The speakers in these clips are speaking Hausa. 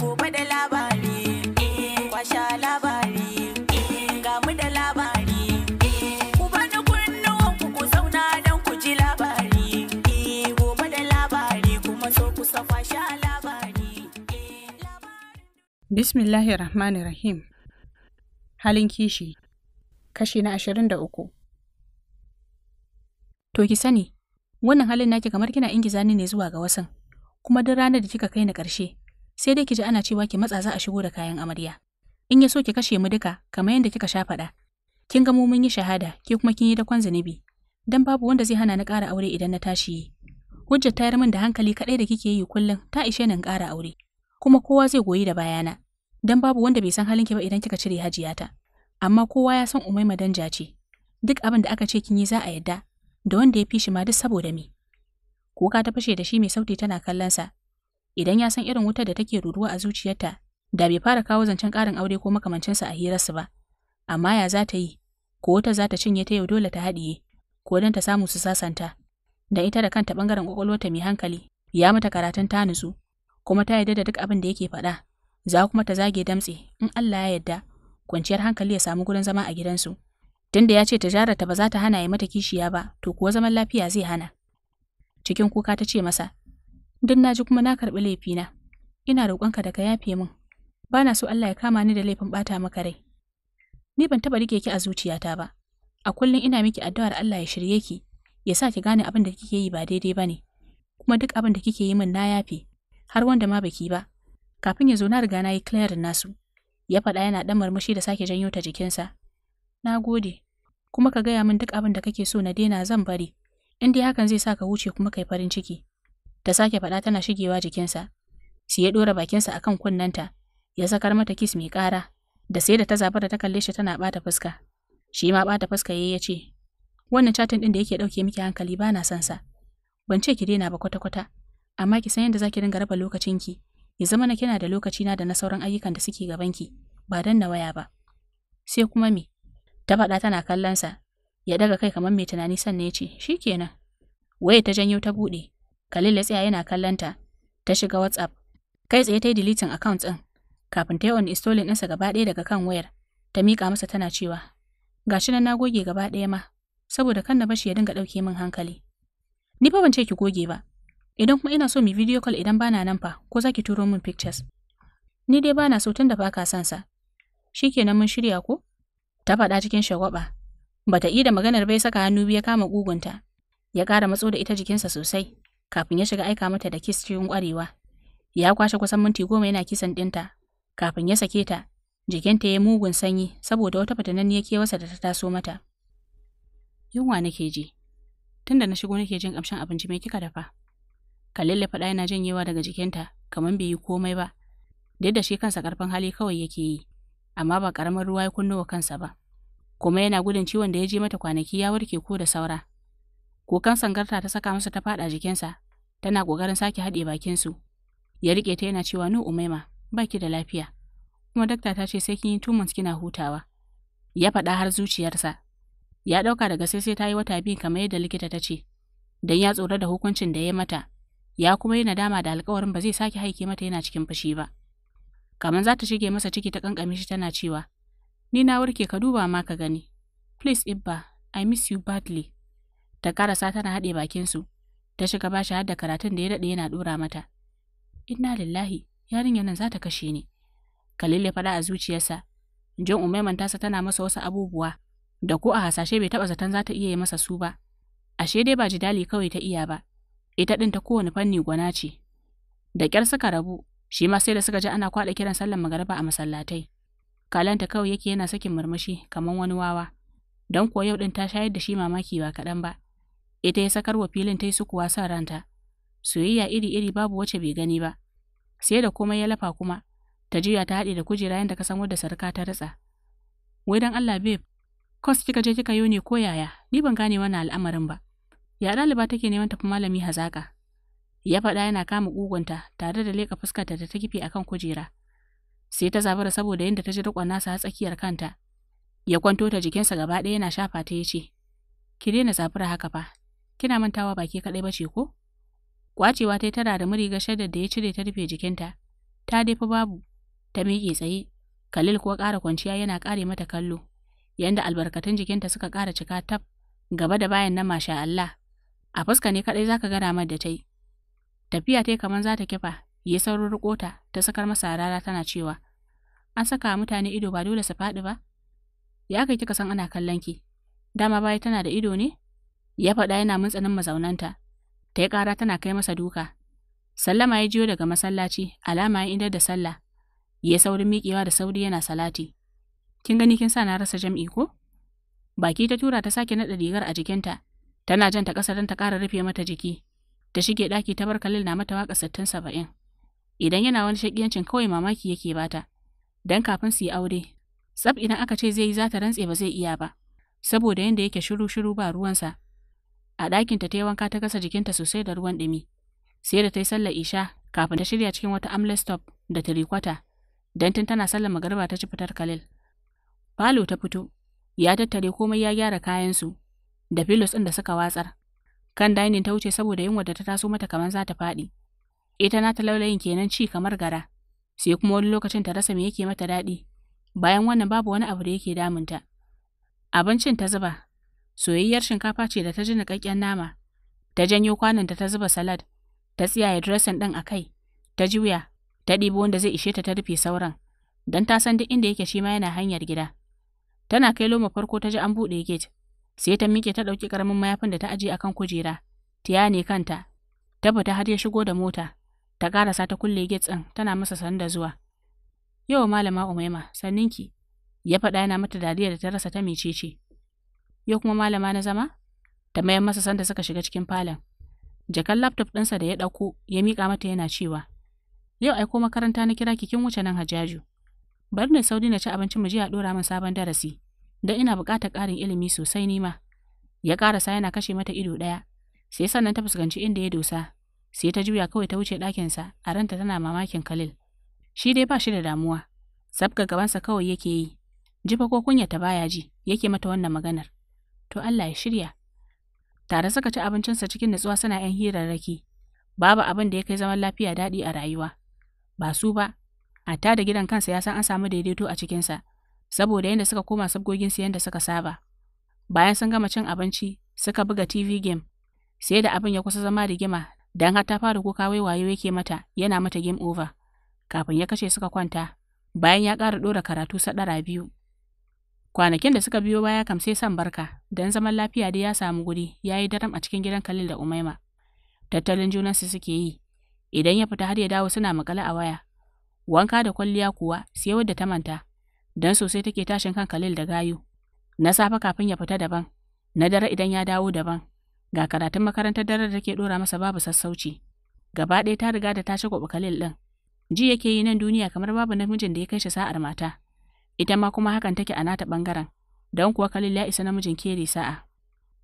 gobe da labari eh, kwasha labari eh, ga mu da labari eh, ku bani kunnuwan ku ku zauna don ku ji labari gobe da labari kuma so ku sa kwasha labari bismillahir rahmanir rahim halin kishi kashi na ashirin da uku to ki sani wannan halin naki kamar kina ingiza ni ne zuwa ga wasan kuma duk ranar da kika kai ni ƙarshe sai dai ki ji ana cewa ki matsa za a shigo da kayan amarya. In ya so ki kashe mu duka kamar yadda kika sha faɗa. Kin ga mu mun yi shahada, ke kuma kin yi dakon zunubi. Dan babu wanda zai hana ni ƙara aure idan na tashi yi. Hujjar tayar min da hankali kaɗai da kike yi kullum ta ishe ni in ƙara aure. Kuma kowa zai goyi da bayana. Dan babu wanda bai san halin ki ba idan kika cire hajiyata. Amma kowa ya san Umaima danja ce. Duk abin da aka ce kin yi za a yadda, da wanda ya fi shi ma duk saboda me. Kuka ta fashe da shi mai sauti tana kallon sa, idan ya san irin wutar da take ruruwa a zuciyarta da bai fara kawo zancen ƙarin aure ko makamancinsa a hirarsu ba amma ya za ta yi ko wata za ta cinye ta yau dole ta haɗiye ko don ta samu su sasanta da ita da kanta ɓangaren ƙwaƙwalwarta mai hankali ya mata karatun ta nutsu kuma ta yarda da duk abin da yake faɗa za kuma ta zage damtse in Allah ya yarda kwanciyar hankali ya samu gurin zama a gidansu tunda ya ce ta ta ba za ta hana ya mata kishiya ba to kuwa zaman lafiya zai hana cikin kuka ta ce masa don na ji kuma na karɓi laifina. Ina roƙonka da ka yafe min. Ba na so Allah ya kama ni da laifin ɓata maka rai. Ni ban taɓa rike ki a zuciyata ba. A kullum ina miki addu'ar Allah ya shirye ki, ya sa ki gane abin da kike yi ba daidai ba ne. Kuma duk abin da kike yi min na yafe, har wanda ma baki ba. Kafin ya zo na riga na yi clearin nasu. Ya faɗa yana ɗan murmushi da sake janyo ta jikinsa. Na gode, kuma ka gaya min duk abin da kake so na daina zan bari. In dai hakan zai sa ka wuce kuma kai farin ciki. ta sake faɗa tana shigewa jikinsa. Sai ya ɗora bakinsa akan kunnanta, ya sakar mata kis mai ƙara, da sai da ta zabar da ta kalle shi tana bata fuska. Shi ma ɓata fuska ya ce, Wannan catin ɗin da yake ɗauke miki hankali ba na son sa. Ban ce ki daina ba kwata-kwata, amma ki san yadda za ki dinga raba lokacinki, ya zama na kina da lokacina da na sauran ayyukan da suke gaban ki. ba dan na waya ba. Sai kuma me? Ta faɗa tana kallonsa, ya daga kai kamar mai tunani sannan ya ce, Shi kenan. Waye ta janyo ta buɗe, Khalil ya tsaya yana kallonta, ta shiga WhatsApp. Kai tsaye ta yi deleting account ɗin, kafin ta yi on installing ɗinsa gaba ɗaya daga kan wayar, ta miƙa masa tana cewa, ga shi nan na goge gaba ɗaya ma, saboda kan na bashi ya dinga ɗauke min hankali. Ni fa ban ce ki goge ba, idan kuma ina so mu video call idan bana nan fa, ko za ki turo min pictures. Ni dai bana so tun da ba ka son sa. shi kenan mun shirya ko? Ta faɗa cikin shagwaba. Bata yi da maganar bai saka hannu biya kama gugunta. Ya kara matso da ita jikinsa sosai. kafin ya shiga aika mata da kis cikin kwarewa. Ya kwashe kusan minti goma yana kisan ɗinta, kafin ya sake ta, jikinta ya mugun sanyi saboda wata fatananniyar wasa da ta taso mata. Yunwa nake ji, Tun da na shigo nake jin ƙamshin abinci mai kika dafa. Kalille faɗa yana janyewa daga jikinta, kamar bai yi komai ba, duk da shi kansa ƙarfin hali kawai yake yi, amma ba ƙaramin ruwa ya kunno wa kansa ba. Kuma yana gudun ciwon da ya je mata kwanaki ya warke ko da saura, Kokan sangarta ta saka masa ta faɗa jikinsa, tana ƙoƙarin sake haɗe bakinsu. Ya riƙe ta yana cewa nu umaima, baki da lafiya. Kuma dakta ta ce sai kin yi two kina hutawa. Ya faɗa har zuciyarsa. Ya ɗauka daga sai sai ta yi wata biyu kamar yadda likita ta ce. Dan ya tsoro da hukuncin da ya mata, ya kuma yi nadama da alkawarin ba zai sake haike mata yana cikin fushi ba. Kamar za ta shige masa ciki ta kankame shi tana cewa, Ni na warke ka duba ma ka gani. Please Ibba, I miss you badly. ta karasa tana haɗe bakinsu ta shiga ba shi hadda karatun da ya daɗe yana ɗora mata inna lillahi yarinyar nan za ta kashe ni Khalil ya faɗa a zuciyarsa jin umaiman tasa tana masa wasu abubuwa da ko a hasashe bai taɓa zaton za ta iya yi masa su ba ashe dai ba jidali kawai ta iya ba ita ɗin ta kowane fanni gwana ce da ƙyar suka rabu shi ma sai da suka ji ana kwaɗa kiran sallar magariba a masallatai kalanta kawai yake yana sakin murmushi kamar wani wawa don kuwa yau ɗin ta shayar da shi mamaki ba kaɗan ba Ita ya sakar wa filin ta yi sukuwa sa ranta. Soyayya iri-iri babu wacce bai gani ba. Sai da komai ya lafa kuma, ta juya ta haɗe da kujera yadda ka san wadda sarka ta ritsa. Wai dan Allah babe, kos kika je kika yone ko yaya, ni ban gane wannan al'amarin ba. Ya ɗaliba take neman tafi malami hazaƙa. Ya faɗa yana kama ƙugunta tare da leƙa fuskarta da ta kife akan kujera. Sai ta zabara saboda yadda ta ji riƙon nasa a tsakiyar kanta. Ya kwanto ta jikinsa gaba ɗaya yana shafa ta ya ce, Ki daina zabura haka fa, Kina mantawa baki kadai kaɗai ba ce ko? Kwacewa ta tana da muri ga da ya cire ta rufe jikinta. Ta dafa babu, ta miƙe tsaye. Khalil ko ƙara kwanciya yana ƙare mata kallo. Yanda albarkatun jikinta suka ƙara cika tab, gaba da bayan nan masha Allah. A fuska ne kaɗai zaka ka ga da tai Tafiya tai yi kamar za ta kifa, ya saurin rukota, ta, sakar masa rara tana cewa, An saka mutane ido ba dole su faɗi ba? Ya kai kika san ana kallon ki, dama baya tana da ido ne? ya faɗa yana mutsanin mazaunanta. Ta yi ƙara tana kai masa duka. Sallama ya jiyo daga masallaci, alama ya idar da sallah. Ya saurin miƙewa da sauri yana salati. Kin gani kin sa na rasa jam'i ko? Baki ta tura ta sake naɗa rigar a jikinta. Tana jan ta ƙasa don ta ƙara rufe mata jiki. Ta shige ɗaki ta bar Khalil na mata waƙa sittin saba'in. Idan yana wani shaƙiyancin kawai mamaki yake bata. Dan kafin su yi aure, tsaf idan aka ce zai yi za ta rantse ba zai iya ba. Saboda yanda yake shiru-shiru ba ruwansa, A ɗakinta ta yi wanka ta gasa jikinta sosai da ruwan ɗumi. Sai da ta yi sallar isha kafin ta shirya cikin wata amless top da tirikwata. Dantin tana sallar magariba ta ci fitar kalil Falo ta fito, ya tattare komai ya gyara kayansu da filos ɗin da suka watsar. Kan dainin ta wuce saboda yin wadda ta taso mata kamar za ta faɗi. Ita na ta laulayin kenan ci kamar gara. Sai kuma wani lokacin ta rasa me yake mata daɗi. Bayan wannan babu wani abu da yake damunta. Abincin ta zuba, soyayyar shinkafa ce da ta ji niƙaƙƙen nama, ta janyo da ta zuba salad, ta tsiyaye dressing ɗin a kai, ta juya, ta ɗibo wanda zai ishe ta ta rufe sauran, don ta san duk inda yake shi ma yana hanyar gida. Tana kai loma farko ta ji an buɗe gate, sai ta miƙe ta ɗauki ƙaramin mayafin da ta ajiye kan kujera, tiya ne kanta, ta fita har ya shigo da mota, ta ƙarasa ta kulle gate ɗin tana masa da zuwa. Yau malama Umaima, sanninki, ya faɗa yana mata dariya da ta rasa ta mecece. ya kuma malama na zama? Da mayan masa sanda suka shiga cikin falon. Jakan laptop ɗinsa da ya ɗauko ya miƙa mata yana cewa, Yau aiko makaranta na kira kikin wuce nan hajaju. Bari na saudi na ci abinci mu je a ɗora min sabon darasi, don ina buƙatar ƙarin ilimi sosai nima. Ya ƙarasa yana kashe mata ido ɗaya, sai sannan ta fuskanci inda ya dosa, sai ta juya kawai ta wuce ɗakinsa a ranta tana mamakin kalil. Shi dai ba shi da damuwa, sabga gabansa kawai yake yi, jifa ko kunya ta baya ji, yake mata wannan maganar. to Allah ya shirya. Tare suka ci abincinsa cikin nutsuwa suna ‘yan hirarraki, babu abin da ya kai zaman lafiya daɗi a rayuwa. Ba su ba, hatta da gidan kansa ya san an samu daidaito a cikinsa, saboda yadda suka koma sabgogin siyan da suka saba. Bayan sun gama cin abinci, suka buga TV game, sai da abin ya kusa zama rigima, dan har ta fara kuka wai wayo yake mata, yana mata game over. Kafin ya kashe suka kwanta, bayan ya ƙara ɗora karatu saɗara biyu. Kwanakin da suka biyo baya kam sai san barka, don zaman lafiya da ya samu guri ya yi daram a cikin gidan Khalil da Umaima. Tattalin junansu suke yi, idan ya fita har ya dawo suna makale a waya. Wanka da kwalliya kuwa sai wadda ta manta, don sosai take tashin kan Khalil da gayu. Na safe kafin ya fita daban, na dare idan ya dawo daban, ga karatun makarantar dare da take dora masa babu sassauci. Gaba ɗaya ta riga da ta shagwaɓa Khalil ɗin. Ji yake yi nan duniya kamar babu namijin da ya kai shi sa'ar mata. ita ma kuma hakan take a nata ɓangaren, don kuwa Khalil ya isa namijin kere sa'a.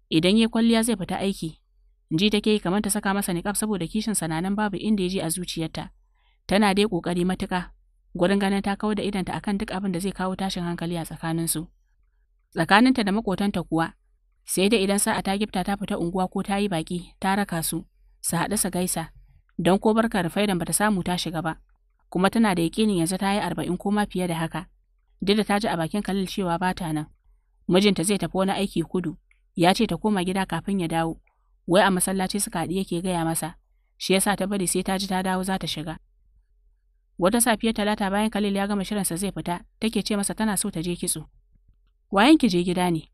Idan ya kwalliya zai fita aiki, ji take yi kamar ta saka masa niƙaf saboda kishin sananan babu inda ya ji a zuciyarta. Tana dai ƙoƙari matuƙa, gurin ganin ta kawo da idanta akan duk abin da zai kawo tashin hankali a tsakaninsu. Tsakaninta da maƙotanta kuwa, sai da idan sa'a ta gifta ta fita unguwa ko ta yi baƙi, ta raka su, su haɗu su gaisa, don ko barka da bata samu ta shiga ba, kuma tana da yaƙinin yanzu ta yi arba'in ko ma fiye da haka. Dida ta ji a bakin Khalil cewa ba ta nan. Mijinta zai tafi wani aiki kudu. Ya ce ta koma gida kafin ya dawo. Wai a masallaci suka haɗi yake gaya masa. Shi yasa ta bari sai ta ji ta dawo za ta shiga. Wata safiyar talata bayan Khalil ya gama shirinsa zai fita, take ce masa tana so ta je kitso. Wayan ki je gida ne.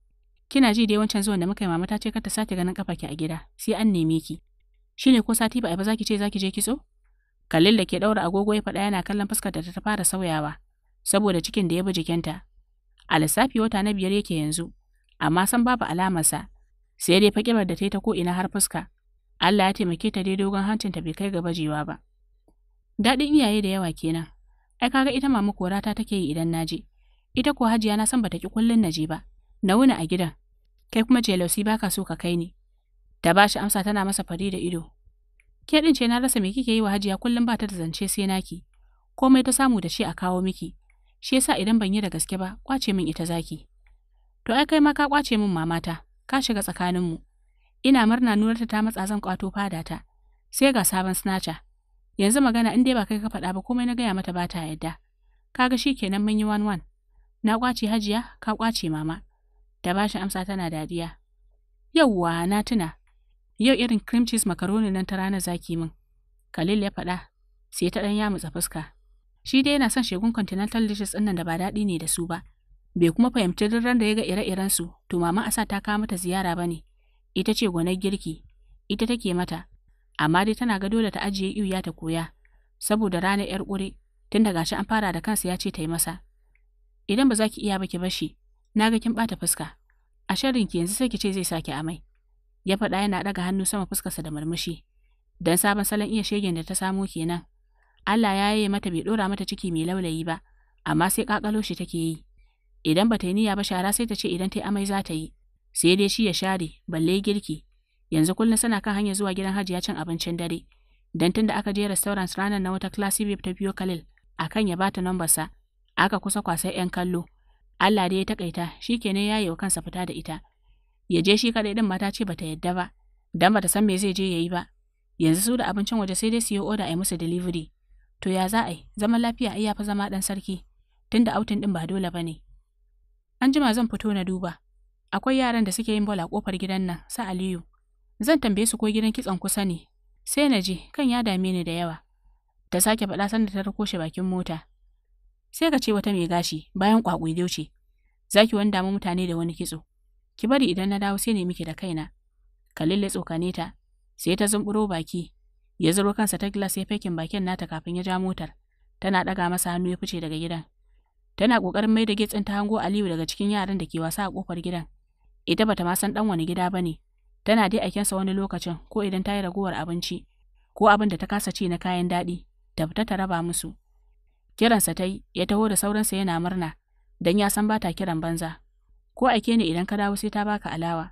Kina ji dai wancan zuwan da muka yi mama ta ce kar ta sake ganin kafa ki a gida, sai an neme ki. Shi ne ko sati ba ai ba za ki ce za ki je kitso? Khalil da ke daura agogo ya faɗa yana kallon fuskar da ta fara sauyawa. saboda cikin da ya bi jikinta. A lissafi wata na biyar yake yanzu, amma san babu alamarsa, sai dai fakirar da ta yi ta ko'ina har fuska. Allah ya taimake ta dai dogon hancinta bai kai ga bajewa ba. Daɗin iyaye da yawa kenan. Ai kaga ita mama korata take yi idan na je. Ita ko hajiya na san bata ki kullun naje ba. Na wuni a gidan. Kai kuma jelosi baka so ka kai ni. Ta shi amsa tana masa fari da ido. Ke ɗin ce na rasa me kike yi wa hajiya kullum ba ta da zance sai naki. Komai ta samu da shi a kawo miki. Shi yasa idan ban yi da gaske ba, kwace min ita zaki. To ai kai ma ka kwace min mamata, ka shiga tsakanin mu Ina murna nunarta ta matsa zan kwato ta. Sai ga sabon snatcher. Yanzu magana in dai ba kai ka faɗa ba komai na gaya mata ba ta yadda. Kaga shi kenan mun yi wan wan. Na kwace hajiya, ka kwace mama. Da bashi amsa tana dadiya. Yauwa na tuna. Yau irin cream cheese macaroni nan ta rana zaki min. Khalil ya faɗa, sai ta ɗan mutsa fuska. Shi dai yana son shegun continental dishes ɗin nan da ba daɗi ne da su ba. Bai kuma fahimci duk da ya ga ire-iren su, to mama Asa ta kawo mata ziyara ba ne. Ita ce gonar girki, ita take mata, amma dai tana ga dole ta ajiye iya ta koya, saboda ranar 'yar ƙure, tun daga shi an fara da kansa ya ce ta yi masa. Idan ba za ki iya ba ki bashi, na ga kin ɓata fuska, a sharrin ki yanzu sai ki ce zai sake amai. Ya faɗa yana ɗaga hannu sama fuskarsa da murmushi, don sabon salon iya shegen da ta samo kenan. Allah ya yi mata bai ɗora mata ciki mai laulayi ba, amma sai ƙaƙalo shi take yi. Idan ba ta yi niyya ba shara sai ta ce idan ta yi amai za ta yi, sai dai shi ya share, balle girki. Yanzu kullum suna kan hanya zuwa gidan hajiya cin abincin dare. Dan tun da aka je restaurant ranar na wata classy babe ta biyo Khalil, akan ya bata sa aka kusa kwasai 'yan kallo. Allah dai ya takaita, shi kenan ya yi wa kansa fita da ita. Ya je shi kaɗai ɗin mata ce bata yadda ba, dan bata san me zai je ya yi ba. Yanzu su da abincin waje sai dai su yi oda a musu delivery. To ya za a yi, zaman lafiya ai iyafa zama ɗan sarki, tunda autin ɗin ba dole ba ne. An jima zan fito na duba. Akwai yaran da suke yin bola a ƙofar gidan nan, sa Aliyu. Zan tambaye su ko gidan kitson kusa ne. Sai na je, kan ya dame ni da yawa. Ta sake faɗa sanda ta rako shi bakin mota. Sai ka ce wata mai gashi, bayan kwakwai ce. Za ki wani damu mutane da wani kitso. Ki bari idan na dawo sai ne miki da kaina. lalle tsokane ta, sai ta zumburo baki, Ya zuro kansa ta glass ya fekin bakin nata kafin ya ja motar. Tana ɗaga masa hannu ya fice daga gidan. Tana ƙoƙarin mai da gate ta hango Aliyu daga cikin yaran da ke wasa a ƙofar gidan. Ita bata ma san ɗan wani gida ba ne. Tana dai aikensa wani lokacin ko idan ta yi ragowar abinci ko abin da ta kasa ci na kayan daɗi ta fita ta raba musu. Kiransa ta yi ya taho da sauransa yana murna dan ya san bata kiran banza. Ko aike ne idan ka dawo sai ta baka alawa.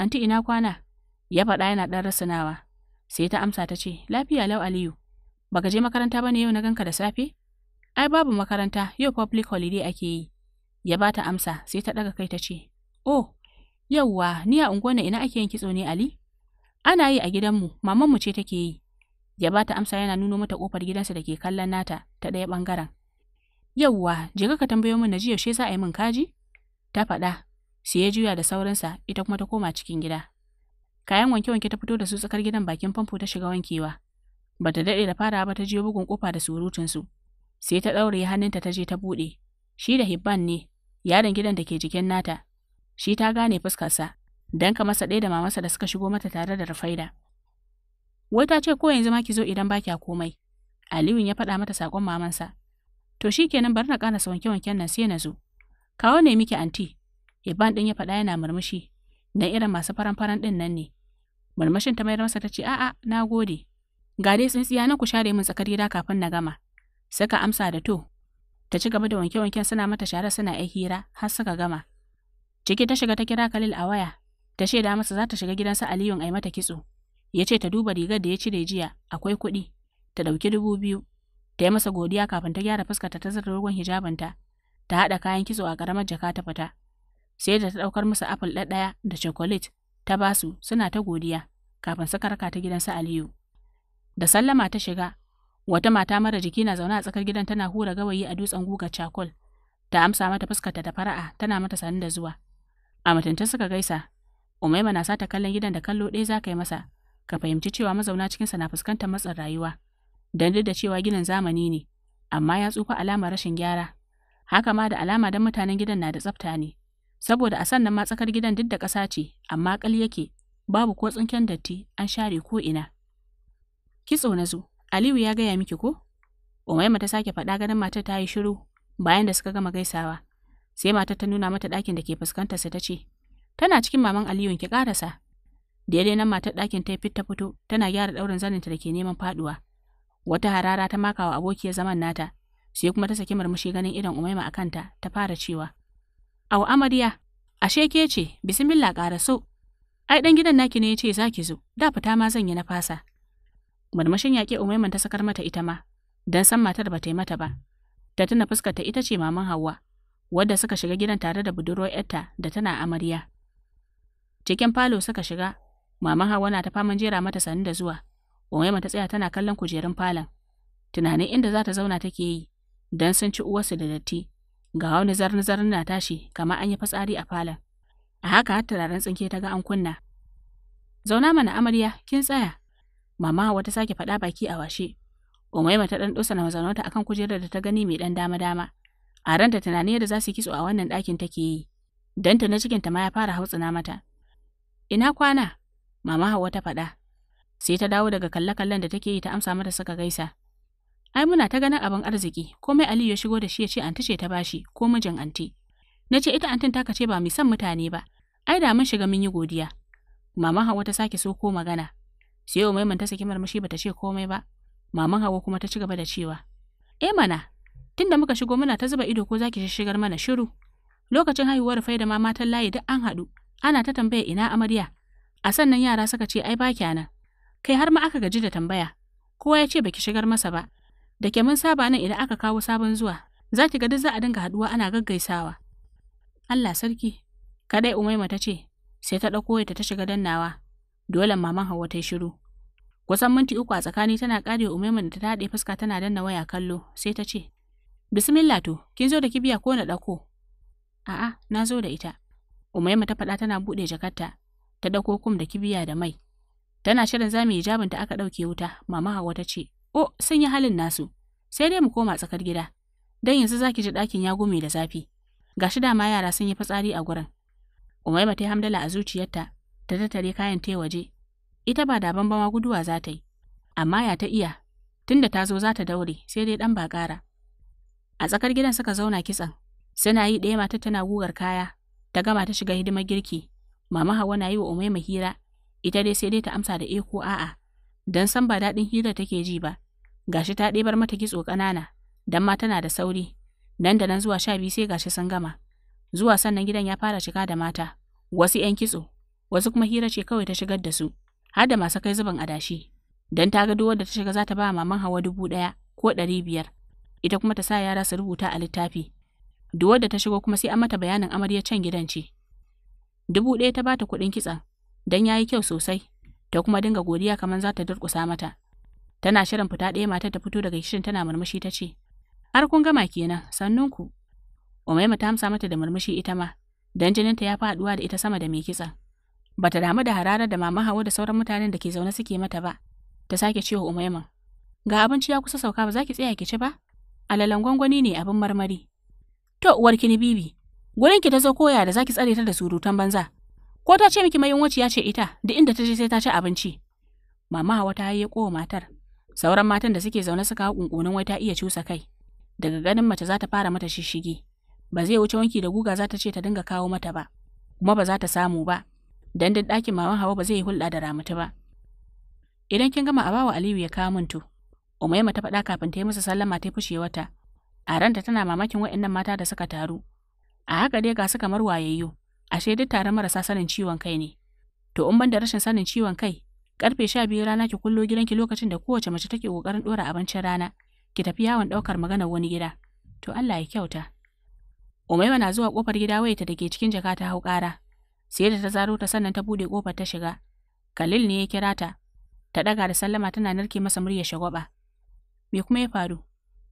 Anti ina kwana? Ya faɗa yana ɗan rasinawa. Sai ta amsa ta ce, Lafiya lau Aliyu, baka je makaranta ba ne yau na ganka da safe? Ai babu makaranta, yau public holiday ake yi. Ya bata amsa, sai ta daga kai ta ce, Oh, yauwa, ni a unguwar ina ake yin kitso ne Ali? Ana yi a gidanmu, mu ce take yi. Ya bata amsa yana nuno mata kofar gidansa da ke kallon nata ta ɗaya bangaren Yauwa, je ka tambayo min na ji yaushe za a yi min kaji? Ta faɗa, sai ya juya da saurinsa ita kuma ta koma cikin gida. Kayan wanke-wanke ta fito da su tsakar gidan bakin famfo ta shiga wankewa. Ba ta daɗe da fara ba ta jiyo bugun kofa da surutunsu. Sai ta ɗaure hannunta ta je ta buɗe. Shi da Hibban ne, yaron gidan da ke jikin nata. Shi ta gane fuskarsa, don ka masa ɗaya da sa da suka shigo mata tare da Rufaida. Wai ta ce ko yanzu ma ki zo idan ba kya komai. Aliyu ya faɗa mata saƙon mamansa. To shi kenan bari na ƙarasa wanke-wanken nan sai na zo. Kawo ne miki anti. Hibban ɗin ya faɗa yana murmushi. Na irin masu faran-faran ɗin nan ne. Marmashin ta mayar masa ta ce, A'a, na gode. Ga dai tsintsiya na ku share min tsakar gida kafin na gama. Suka amsa da to. Ta ci gaba da wanke-wanken suna mata share suna ai hira har suka gama. Ciki ta shiga ta kira Khalil a waya. Ta shaida masa za ta shiga gidansa Aliyun ai mata kitso. Ya ce ta duba rigar da ya cire jiya, akwai kuɗi. Ta ɗauki dubu biyu. Ta yi masa godiya kafin ta gyara fuskarta ta zara dogon hijabinta. Ta haɗa kayan kitso a ƙaramar jaka ta fita. Sai da ta ɗaukar masa apple ɗaya da chocolate ta basu suna ta godiya kafin suka raka ta gidan su Aliyu. Da sallama ta shiga, wata mata mara jiki na zaune a tsakar gidan tana hura gawayi a dutsen guga cakol. Ta amsa mata fuskarta da fara'a tana mata sanin da zuwa. A mutunta suka gaisa, Umaima na sata kallon gidan da kallo ɗaya za ka yi masa, ka fahimci cewa mazauna cikinsa na fuskantar matsin rayuwa. Dan da cewa ginin zamani ne, amma ya tsufa alamar rashin gyara. Haka ma da alama don mutanen gidan na da tsafta ne. saboda a sannan ma tsakar gidan duk da ƙasa ce amma ƙal yake babu ko tsinken datti an share ko ina kitso na zo Aliyu ya gaya miki ko Umaima ta sake faɗa ganin matar ta yi shiru bayan da suka gama gaisawa sai matar ta nuna mata ɗakin da ke fuskantar sa ta ce tana cikin maman Aliyu ki karasa daidai nan matar ɗakin ta fit ta fito tana gyara ɗaurin zaninta da ke neman faɗuwa wata harara ta makawa abokiyar zaman nata sai kuma ta saki murmushi ganin idan Umaima a kanta ta fara cewa Au amarya, ashe ke ce, bismillah ƙara so. Ai ɗan gidan naki ne ya ce za zo, da fita ma zan yi na fasa. marmashin yaƙi umaiman ta sakar mata ita ma, don san matar ba ta yi mata ba. Ta tuna fuskar ita ce maman Hauwa, wadda suka shiga gidan tare da budurwar ‘yarta da tana amarya. Cikin falo suka shiga, maman hawa na ta faman jera mata sanin da zuwa. Umaiman ta tsaya tana kallon kujerun falon. Tunanin inda za ta zauna take yi, don sun ci uwarsu da datti. Ga wani nazar na tashi kamar an yi fitsari a falon. A haka har turaren tsinke ta ga an kunna. Zauna mana amarya, kin tsaya. Mama wata sake faɗa baki a washe. Umaima ta ɗan ɗusa na mazanota akan kujerar da ta gani mai ɗan dama-dama. A ranta tunani yadda za su kitso a wannan ɗakin take yi. Dan ta na ta ma ya fara hautsina mata. Ina kwana? Mama Hauwa ta faɗa. Sai ta dawo daga kalle-kallen da take yi ta amsa mata suka gaisa. Ai muna ta ganin abin arziki, komai Aliyu ya shigo da shi ya ce anti ce ta bashi ko mijin anti. Na ce ita antin taka ce ba mai san mutane ba, ai da mun shiga mun yi godiya. Maman Hawa ta sake so ko magana. Sai o maimun ta saki marmashi ta ce komai ba. Maman Hawa kuma ta ci gaba da cewa, "Eh mana, tunda muka shigo muna ta zuba ido ko zaki shigar mana shiru." Lokacin haihuwar Faida ma matan layi duk an haɗu, ana ta tambaya ina amarya. A sannan yara suka ce ai ba kyanan. Kai har ma aka gaji da tambaya. Kowa ya ce baki shigar masa ba, Da ke mun saba nan idan aka kawo sabon zuwa, za ki ga duk za a dinga haduwa ana gaggaisawa. Allah sarki, kadai Umaima ta ce, sai ta ɗauko ta ta shiga dannawa. Dole maman Hauwa ta shiru. Kusan minti uku a tsakani tana kare Umaima da ta haɗe fuska tana danna waya kallo, sai ta ce, Bismillah to, kin zo da kibiya ko na ɗauko? A'a, na zo da ita. Umaima ta faɗa tana buɗe jakarta, ta ɗauko kum da kibiya da mai. Tana shirin za mu yi jabin ta aka ɗauke wuta, mama Hauwa ta ce, O, sun yi halin nasu. Sai dai mu koma tsakar gida. Dan yanzu zaki ji dakin ya gume da zafi. Gashi dama yara sun yi fitsari a gurin. Umaima ta yi hamdala a zuciyarta, ta tattare kayan ta waje. Ita ba da ma guduwa za ta yi. Amma ya ta iya, tunda ta zo za ta daure, sai dai dan ba kara. A tsakar gidan suka zauna kitsan, suna yi ɗaya mata tana gugar kaya, ta gama ta shiga hidimar girki. Mama hawa na yi wa Umaima hira, ita dai sai dai ta amsa da eko eh a'a, dan san ba daɗin hira take ji ba. gashi ta ɗebar mata kitso ƙanana dan ma tana da sauri nan da nan zuwa sha biyu sai gashi sun gama zuwa sannan gidan ya fara cika da mata wasu 'yan kitso wasu kuma hira ce kawai ta shigar da su har da masu kai zubin adashi dan ta ga duk wadda ta shiga za ta ba maman hawa dubu ɗaya ko ɗari biyar ita kuma ta sa yara su rubuta a littafi Duwar da ta shigo kuma sai an mata bayanin amarya can gidan ce dubu ɗaya ta bata kuɗin kitsan dan yayi kyau sosai ta kuma dinga godiya kamar za ta durƙusa mata Tana shirin fita ɗaya matar ta fito daga shirin tana murmushi ta ce, Har kun gama kenan, sannun ku. Umaima ta amsa mata da murmushi ita ma, dan jininta ya faɗuwa da ita sama da mai kitsa. Bata damu da hararar da mama Hawa da sauran mutanen da ke zaune suke mata ba. Ta sake cewa Umaima, ga abinci ya kusa sauka ba za ki tsaya ki ci ba? Alalan gwangwani ne abin marmari. To uwar ki ni bibi, gurin ki ta zo koya da zaki tsare ta da surutan banza. Ko ta ce miki mai wuciya ce ita, da inda ta je sai ta ci abinci. Mama Hawa ta yi kowa matar, Sauran matan da suke zaune suka hau kunkunin wai ta iya cusa kai. Daga ganin mace za ta fara mata shishige Ba zai wuce wanki da guga za ta ce ta dinga kawo mata ba. Kuma ba za ta samu ba. Dan din ɗakin maman Hawa ba zai yi hulɗa da Ramatu ba. Idan kin gama a bawa Aliyu ya kawo min to. ta faɗa kafin ta yi masa sallama ta fushe wata. A ranta tana mamakin waɗannan mata da suka taru. A haka dai ga su kamar wayayyu. Ashe duk tare marasa sanin ciwon kai ne. To in ban da rashin sanin ciwon kai, Karfe sha biyu rana ki kullo gidanki lokacin da kowace mace take kokarin dora abincin rana. Ki tafi yawon daukar maganar wani gida. To Allah ya kyauta. Umaiwa na zuwa kofar gida waye da ke cikin jaka ta hau ƙara. Sai da ta zaro ta sannan ta bude kofar ta shiga. Khalil ne ya kira ta. Ta daga da sallama tana narke masa murya shagwaba. Me kuma ya faru?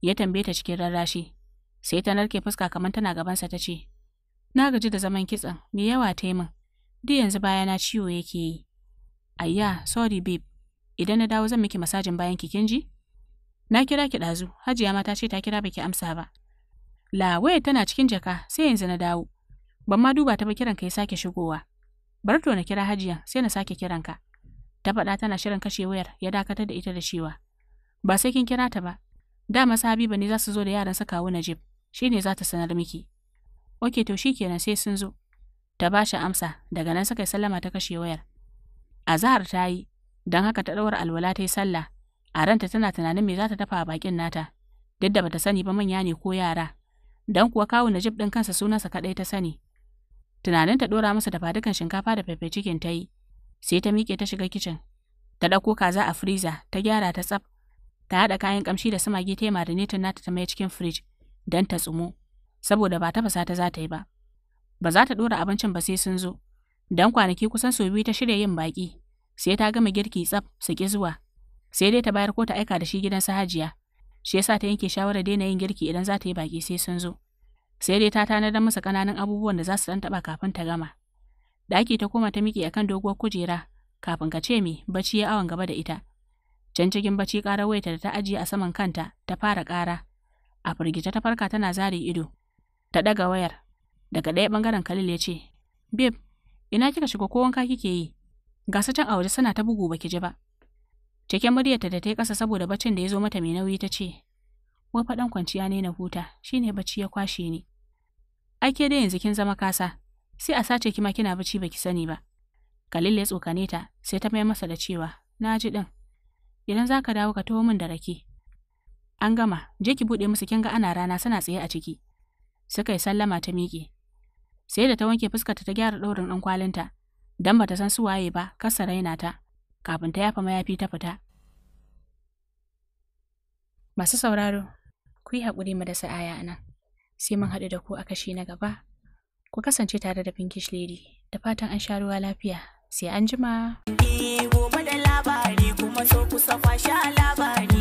Ya tambaye ta cikin rarrashi. Sai ta narke fuska kamar tana gabansa ta ce, Na gaji da zaman kitsan, me yawa ta yi min. Duk yanzu bayana ciwo yake yi. Ayya, sorry babe. Idan na dawo zan miki masajin bayan ki kinji? Na kira ki ɗazu, Hajiya ma ta ce ta kira baki amsa ba. La waya tana cikin jaka, sai yanzu na dawo. Ban ma duba ta ba kiran ka ya sake shigowa. Bar to na kira Hajiya, sai na sake kiran ka. Ta faɗa tana shirin kashe wayar, ya dakatar da ita da cewa. Ba sai kin kira ta ba. Dama su Habiba ne za su zo da yaran saka kawo Najib, shi ne za ta sanar miki. Oke to kenan sai sun zo. Ta ba shi amsa, daga nan suka sallama ta kashe wayar. Azahar ta yi, don haka ta ɗaura alwala ta yi sallah, a ranta tana tunanin me za ta dafa a bakin nata, duk da bata sani ba manya ne ko yara, don kuwa kawu Najib ɗin kansa sunansa kaɗai ta sani. Tunanin ta ɗora masa dafa dukan shinkafa da fefe cikin ta yi, sai ta miƙe ta shiga kicin, ta ɗauko kaza a firiza, ta gyara ta tsaf, ta haɗa kayan ƙamshi da samage ta yi marinatin nata ta mai cikin fridge don ta tsumo, saboda ba tafasa ta za ta yi ba. Ba za ta ɗora abincin ba sai sun zo, Dan kwanaki kusan sau biyu ta shirya yin baƙi, sai ta gama girki tsaf su zuwa. Sai dai ta bayar ko ta aika da shi gidan su Hajiya. Shi yasa ta yanke shawarar daina yin girki idan za ta yi baƙi sai sun zo. Sai dai ta tanadar musu ƙananan abubuwan da za su ɗan taɓa kafin ta gama. Ɗaki ta koma ta miƙe akan doguwar kujera kafin ka ce me bacci ya awon gaba da ita. Can bacci ƙarar wayata da ta ajiye a saman kanta ta fara ƙara. A firgita ta farka tana zare ido. Ta ɗaga wayar. Daga ɗaya ɓangaren Khalil ya ce, Babe, Ina kika shiga ko wanka kike yi? Ga can a waje sana ta bugu baki ji ba. Cikin muryarta da ta yi ƙasa saboda baccin da ya zo mata mai nauyi ta ce, Wai faɗan kwanciya ne na huta, shi ne bacci ya kwashe ni. Ai ke dai yanzu kin zama kasa, sai a sace kima kina bacci baki sani ba. Khalil ya tsokane ta, sai ta mai masa da cewa, Na ji ɗin. Idan za ka dawo ka taho min da rake. An gama, je ki buɗe musu kin ga ana rana suna tsaye a ciki. Suka sallama ta miƙe. sai da ta wanke fuskarta ta gyara ɗaurin ɗan kwalinta don ba ta san su waye ba kasa raina ta kafin ta yafa mayafi ta fita masu sauraro ku yi haƙuri mu da sa'aya nan sai mun haɗu da ku a kashi na gaba ku kasance tare da pinkish lady da fatan an sha ruwa lafiya sai an jima gobe da labari kuma so kusa kwashe labari